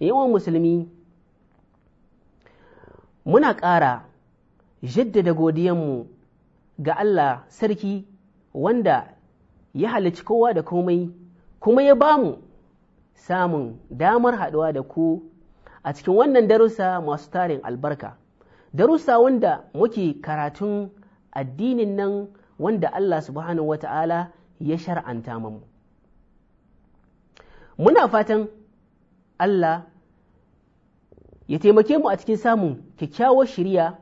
yawan eh, musulmi muna ƙara jaddada godiyanmu ga Allah sarki wanda ya halici kowa da komai kuma ya ba mu samun damar haɗuwa da ku a cikin wannan darussa masu tarin albarka darussa wanda muke karatun addinin nan wanda Allah subhanahu wata'ala ya shar'anta mu muna fatan Allah ya taimake mu a cikin samun kyakkyawar shirya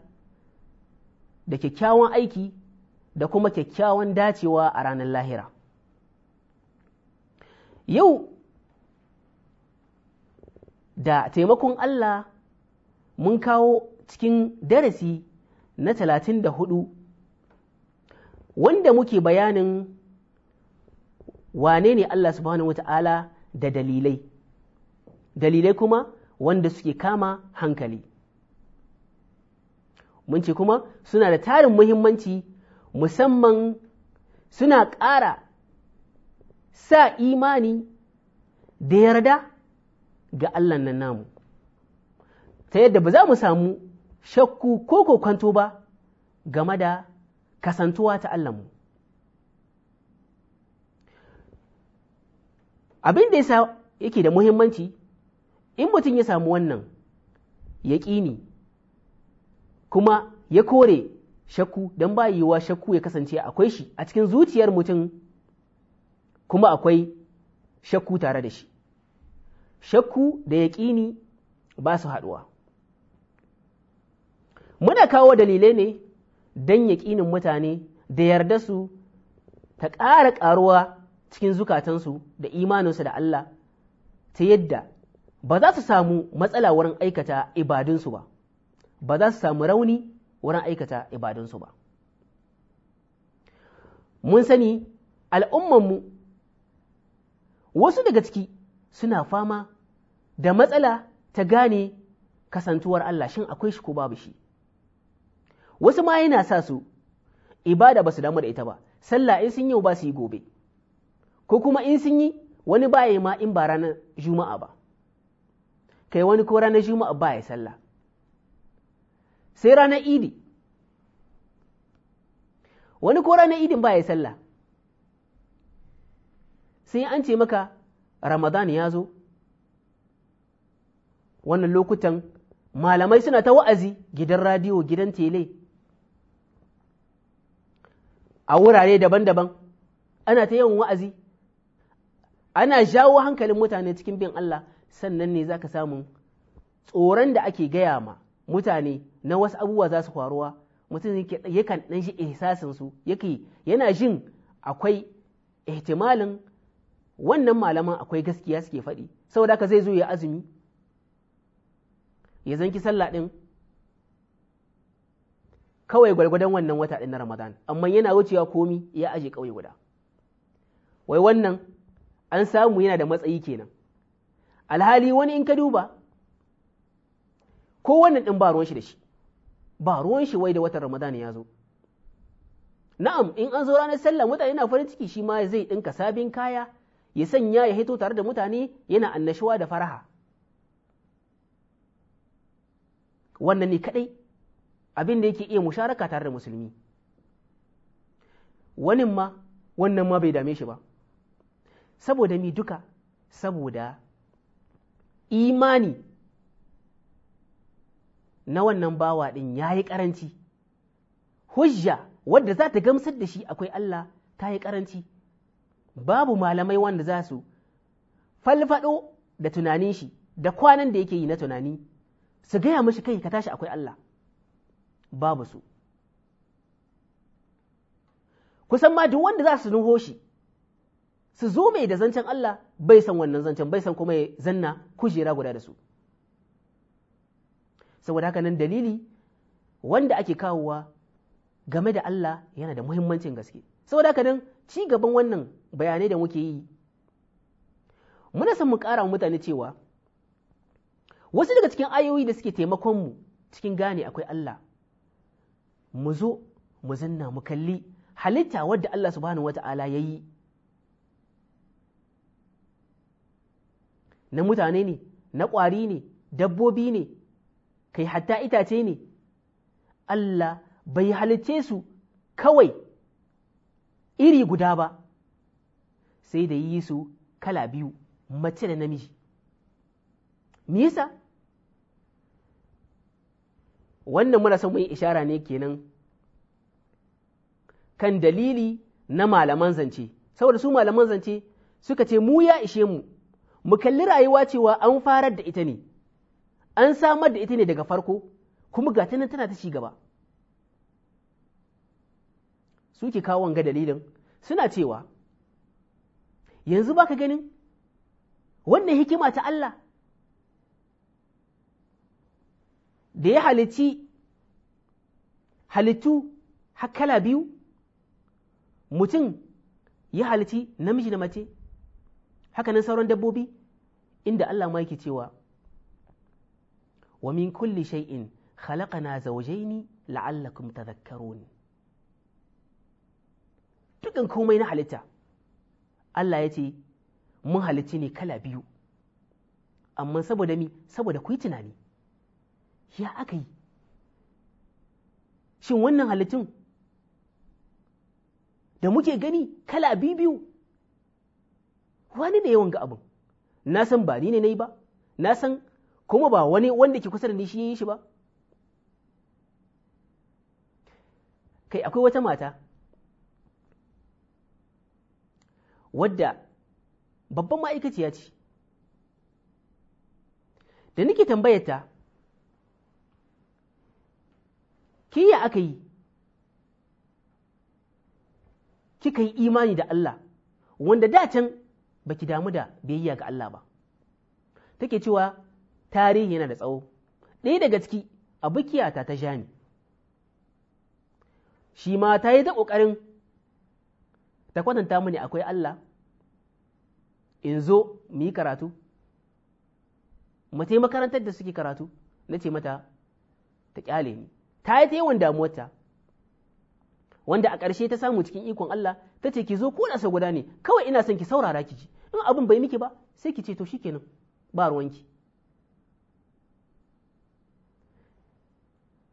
da kyakkyawan aiki da kuma kyakkyawan dacewa a ranar lahira. Yau da taimakon Allah mun kawo cikin darasi na talatin da hudu wanda muke bayanin wane ne Allah subhanahu ta'ala da dalilai. dalilai kuma wanda suke kama hankali mun ce kuma suna da tarin muhimmanci musamman suna ƙara sa imani da yarda ga Allah nan namu ta yadda ba za mu samu shakku ko kokwanto ba game da kasantuwa ta Allahnmu abin da yasa yake da muhimmanci in mutum ya samu wannan yaƙini kuma ya kore shakku don ba yiwuwa shakku ya kasance akwai shi a cikin zuciyar mutum kuma akwai shakku tare da shi shakku da yaƙini ba su haɗuwa muna kawo dalilai ne don yaƙinin mutane da yarda su ta ƙara ƙaruwa cikin zukatansu da imaninsu da Allah ta yadda ba za su samu matsala wurin aikata ibadunsu ba ba za su samu rauni wurin aikata ibadunsu ba mun sani al'ummanmu wasu daga ciki suna fama da matsala ta gane kasantuwar Allah shin akwai shi ko babu shi wasu ma yana sa su ibada ba su damu da ita ba sallah in sun yau ba su yi gobe ko kuma in sun yi wani baya ma in ba ranar juma'a ba kai wani ko ranar juma'a ba ya sallah sai ranar idi wani ko ranar idin ba ya sallah sai an ce maka ramadan ya zo wannan lokutan malamai suna ta wa'azi gidan radiyo gidan tele a wurare daban-daban ana ta yawan wa'azi ana jawo hankalin mutane cikin bin Allah sannan ne za ka samu tsoron da ake gaya ma mutane na wasu abubuwa za su faruwa mutum yakan ɗan shi ihsasinsu yake yana jin akwai ihtimalin wannan malaman akwai gaskiya suke faɗi saboda ka zai zo ya azumi ya zanki sallah ɗin kawai gwargwadon wannan wata ɗin na ramadan amma yana wucewa komi ya aje kawai guda wai wannan an samu yana da matsayi kenan alhali wani in ka duba ko wannan ɗin ba ruwan shi da shi ba ruwan shi wai da watan ramadan ya zo na'am in an zo ranar sallah mutane yana farin ciki shi ma zai ɗinka sabin kaya ya sanya ya hito tare da mutane yana annashuwa da faraha wannan ne kaɗai abin da yake iya musharaka tare da musulmi wani ma wannan ma bai dame shi ba saboda mi duka saboda imani na wannan bawa ɗin ya yi ƙaranci hujja wadda za ta gamsar da shi akwai Allah ta yi ƙaranci babu malamai wanda za su falfaɗo da tunanin shi da kwanan da yake yi na tunani su gaya mashi kai ka tashi akwai Allah babu su kusan ma duk wanda za su nuho shi su zo mai da zancen Allah bai san wannan zancen bai san kuma ya zanna kujera guda da su saboda haka nan dalili wanda ake kawowa game da Allah yana da muhimmancin gaske saboda haka nan ci gaban wannan bayanai da muke yi muna san mu kara mutane cewa wasu daga cikin ayoyi da suke taimakon mu cikin gane akwai Allah mu zo mu zanna mu kalli halitta wadda Allah subhanahu wata'ala ya yi na mutane ne na ƙwari ne dabbobi ne kai hatta itace ne Allah bai halicce su kawai iri guda ba sai da yi su kala biyu mace da namiji nisa wannan muna son yi ishara ne kenan kan dalili na malaman zance saboda su malaman zance suka ce mu ya ishe mu mu kalli rayuwa cewa an farar da ita ne an samar da ita ne daga farko kuma ga ta nan tana ta ci gaba suke kawo wanga dalilin suna cewa yanzu ba ka ganin wannan hikima ta Allah da ya halici halittu hakala biyu mutum ya halici namiji na mace Haka nan sauran dabbobi inda Allah ma yake cewa wa min kulli shay'in khalaqana zawjayni la'allakum tadhakkarun dukan komai na halitta Allah ya ce mun halitti ne kala biyu amma saboda mi saboda ku yi tunani ya aka yi shin wannan halittun da muke gani kala biyu biyu wani ne yawan ga abin na san ba ni ne na yi ba na san kuma ba wani wanda ke kusa da ni shi ya yi shi ba kai akwai wata mata wadda babban ma'aikaciya ce da nake tambayarta kiyya aka yi kika yi imani da Allah wanda da can baki damu da biyayya ga Allah ba take cewa tarihi yana da tsawo ɗaya daga ciki a bukiyata ta ni shi ma ta yi ta ƙoƙarin ta kwatanta mu ne akwai Allah in zo mu yi karatu Mace makarantar da suke karatu na ce mata ta ƙyale ni ta yi ta yawan damuwarta wanda a ƙarshe ta samu cikin ikon Allah ta ce ki zo ko na guda ne kawai ina son ki saurara ki ji in abin bai miki ba sai ki ce to shikenan ba ruwanki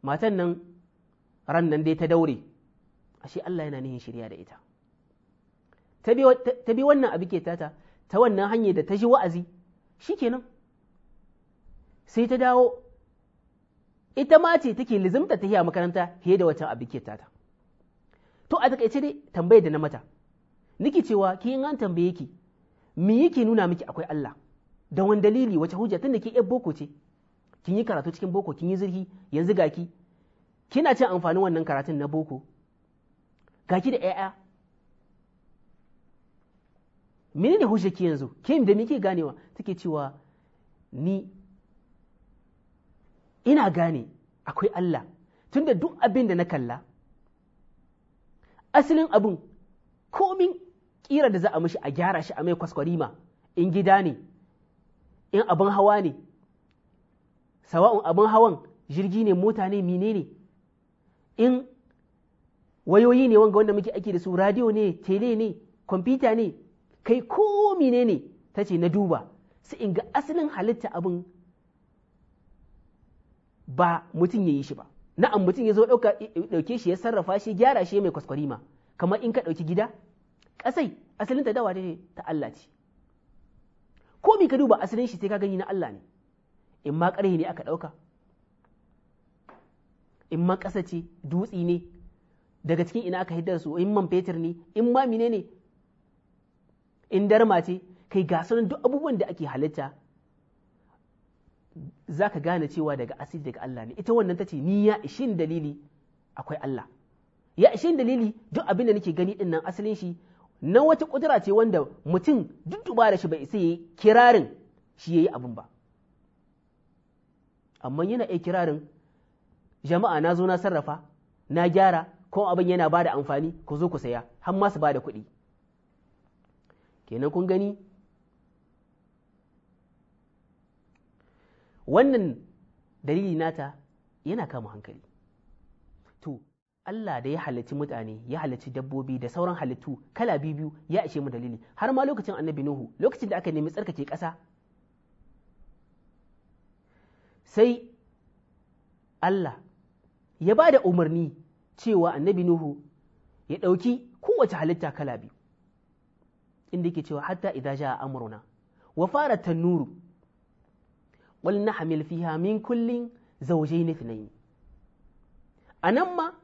matan nan ran nan dai ta daure ashe Allah yana nihin shirya da ita ta bi wannan abu ke tata ta wannan hanyar da ta ji wa'azi shikenan sai ta dawo ita ma ce take lizimta ta hiya makaranta fiye da wata abu ke tata to a takaice dai tambayar da na mata niki cewa ki in an tambaye ki me yake nuna miki akwai Allah da wani dalili wace hujja tun da ke yar boko ce kin yi karatu cikin boko kin yi zurfi yanzu gaki kina cin amfanin wannan karatun na boko gaki da ƴaƴa mini ne hujja ki yanzu ke da miki ganewa take cewa ni ina gane akwai Allah tunda duk abin da na kalla asalin abin komin tsira da za a mishi a gyara shi a mai kwaskwarima in gida ne in abin hawa ne sawa'un abin hawan jirgi ne mota ne mine ne in wayoyi ne wanga wanda muke ake da su radio ne tele ne kwamfuta ne kai ko mine ne ta ce na duba sai in ga asalin halitta abin ba mutum ya yi shi ba na'am mutum ya zo ɗauke shi ya sarrafa shi gyara shi mai kwaskwarima kamar in ka ɗauki gida ƙasai asalin ta dawa ce ta Allah ce ko bi ka duba asalin shi sai ka gani na Allah ne in ma ƙarhi ne aka ɗauka in ma ƙasa ce dutsi ne daga cikin ina aka hiddar su in man fetur ne in ma mine ne in darma ce kai ga sunan duk abubuwan da ake halitta za ka gane cewa daga asiri daga Allah ne ita wannan ta ce ni ya ishin dalili akwai Allah ya ishin dalili duk abin da nake gani din nan asalin shi nan wata kudura ce wanda mutum duk da shi bai sai kirarin shi yayi abin ba amma yana iya kirarin jama'a na zo na sarrafa na gyara ko abin yana ba da amfani ku zo ku saya har ma su ba kuɗi kenan kun gani wannan dalili nata yana kama hankali to Allah da ya halarci mutane ya halicci dabbobi da sauran halittu kala biyu ya ishe mu dalili har ma lokacin annabi nuhu lokacin da aka nemi tsarkake ƙasa sai Allah ya ba da umarni cewa annabi nuhu ya ɗauki kowace halitta kala biyu inda yake cewa hatta idza jaa Amurna, wa fara tanuru qul nahmil fiha min kullin zawjayn A nan ma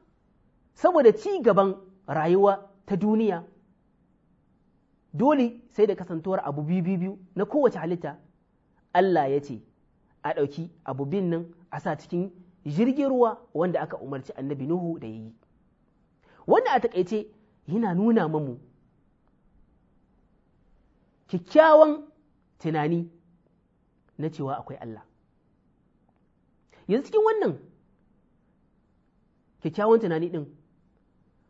saboda ci gaban rayuwa ta duniya dole sai da kasantuwar abu biyu biyu na kowace halitta Allah ya ce a ɗauki abu bin nan a sa cikin jirgin ruwa wanda aka umarci annabi Nuhu da ya yi. wanda a taƙaice yana nuna mamu kyakkyawan tunani na cewa akwai Allah. Yanzu cikin wannan kyakkyawan tunani ɗin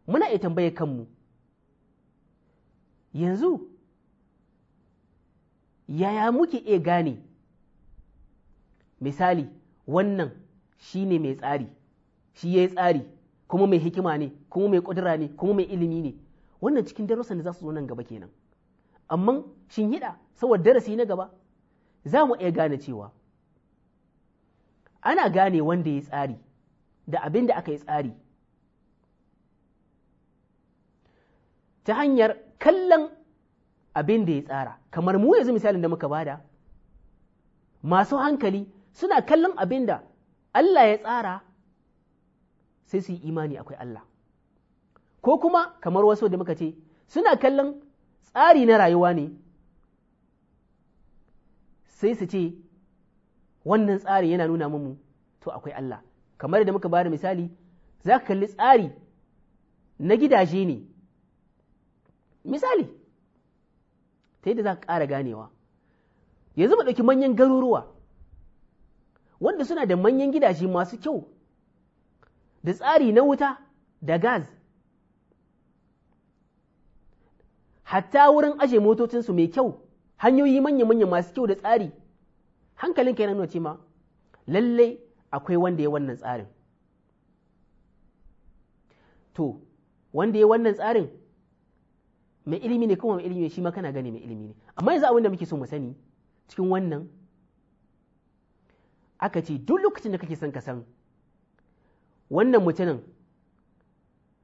muna iya tambaye kanmu yanzu yaya muke iya gane misali wannan shi ne mai tsari shi ya yi tsari kuma mai hikima ne kuma mai ƙudura ne kuma mai ilimi ne wannan cikin darussan da za su zo nan gaba kenan amma shin hida saboda darasi na gaba za mu iya gane cewa ana gane wanda ya tsari da abin da aka yi tsari ta hanyar kallon abin da ya tsara kamar mu yanzu misalin da muka bada masu hankali suna kallon abin da Allah ya tsara sai su yi imani akwai Allah ko kuma kamar wasu da muka ce suna kallon tsari na rayuwa ne sai su ce wannan tsari yana nuna mu to akwai Allah kamar da muka bada misali za ka kalli tsari na gidaje ne misali ta yadda za ka ƙara ganewa yanzu mu ɗauki manyan garuruwa wanda suna da manyan gidaje masu kyau da tsari na wuta da gas hatta wurin aje motocinsu mai kyau hanyoyi manya-manya masu kyau da tsari hankalin yana nuna ce ma lallai akwai wanda ya wannan tsarin to wanda ya wannan tsarin mai ilimi ne kuma mai ilimi shi ma kana gane mai ilimi ne amma yanzu abin da muke so mu sani cikin wannan aka ce duk lokacin da kake son ka san wannan mutumin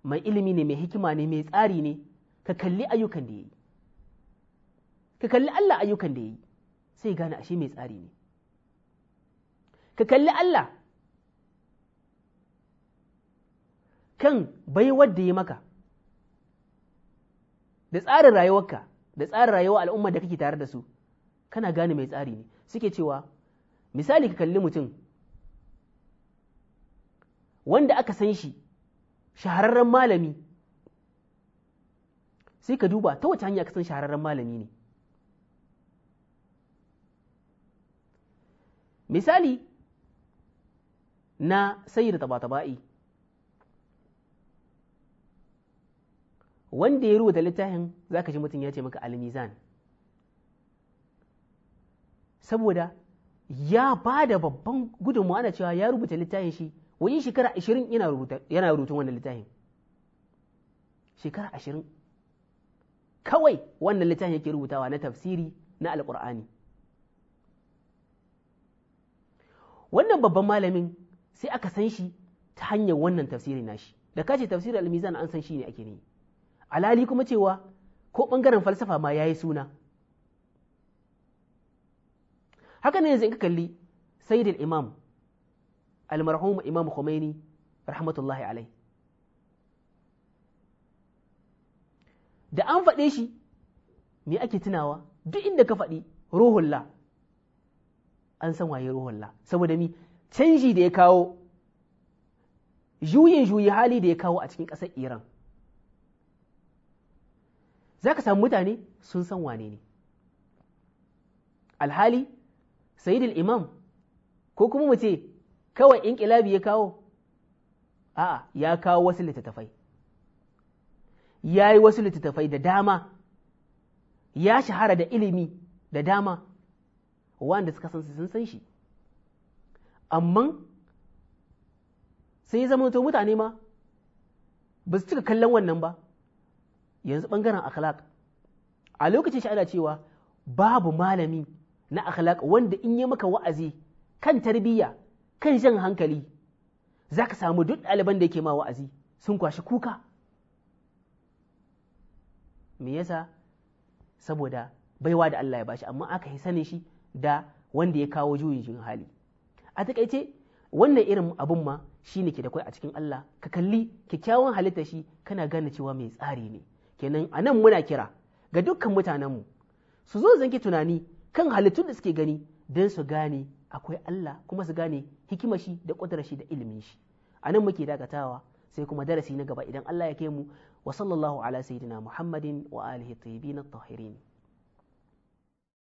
mai ilimi ne mai hikima ne mai tsari ne ka kalli ayyukan da yayi yi ka kalli Allah ayyukan da ya yi sai gane ashe mai tsari ne ka kalli Allah kan baiwar da ya maka da tsarin rayuwarka da tsarin rayuwar al'ummar da kake tare da su kana gane mai tsari ne suke cewa misali ka kalli mutum wanda aka san shi shahararren malami sai ka duba ta wace hanya ka san shahararren malami ne misali na sayyida taba-taba'i wanda ya rubuta littafin za ka ji mutum ya ce maka almizan saboda ya ba da babban gudunmawa ana cewa ya rubuta littafin shi wajen shekara ashirin yana rubutun wannan littafin shekara ashirin kawai wannan littafin yake rubutawa na tafsiri na alkur'ani wannan babban malamin sai aka san shi ta hanyar wannan tafsiri nashi da kace tafsirin almizan an san shi ne ake ne alali kuma cewa ko ɓangaren falsafa ma ya yi suna haka ne yanzu in ka kalli sayyidul imam almarhum imam khomeini rahmatullahi alai da an faɗe shi me ake tunawa duk inda ka faɗi ruhullah an san waye ruhullah saboda mi canji da ya kawo juyin juyi hali da ya kawo a cikin ƙasar iran za ka samu mutane sun san wane ne alhali sayidul imam ko kuma mu ce kawai inkilabi ya kawo a'a ya kawo wasu littattafai ya yi wasu littattafai da dama ya shahara da ilimi da dama wanda suka san sun san shi amma sai ya zama mutane ma ba su cika kallon wannan ba yanzu ɓangaren akhlaq a lokacin shi ana cewa babu malami na akhlaq wanda in yi maka wa'azi kan tarbiyya kan jan hankali za ka samu duk ɗaliban da yake ma wa'azi sun kwashi kuka me yasa saboda baiwa da Allah ya bashi amma aka yi sanin shi da wanda ya kawo juyin hali a takaice wannan irin abun ma shi ne ke da kwai a cikin Allah ka kalli kyakkyawan halitta shi kana gane cewa mai tsari ne kenan a nan muna kira ga dukkan mutanenmu su zo zanki tunani kan halittun da suke gani don su gane akwai Allah kuma su gane hikimar shi da ƙudurar shi da ilimin shi a nan muke dakatawa sai kuma darasi na gaba idan Allah ya kai mu wa sallallahu ala sayyidina Muhammadin wa alihi tayyibin at-tahirin